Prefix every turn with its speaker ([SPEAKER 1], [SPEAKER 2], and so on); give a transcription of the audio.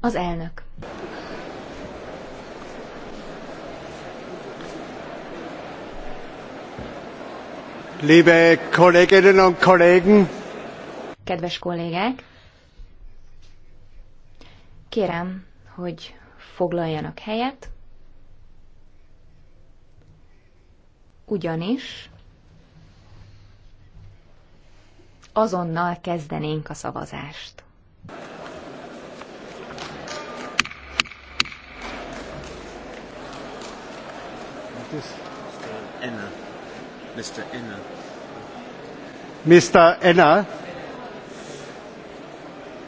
[SPEAKER 1] Az elnök.
[SPEAKER 2] Liebe Kolleginnen und Kollegen!
[SPEAKER 3] Kedves kollégák! Kérem, hogy
[SPEAKER 4] foglaljanak helyet, ugyanis azonnal kezdenénk a szavazást.
[SPEAKER 2] Mr. Enna. Mr. Enna.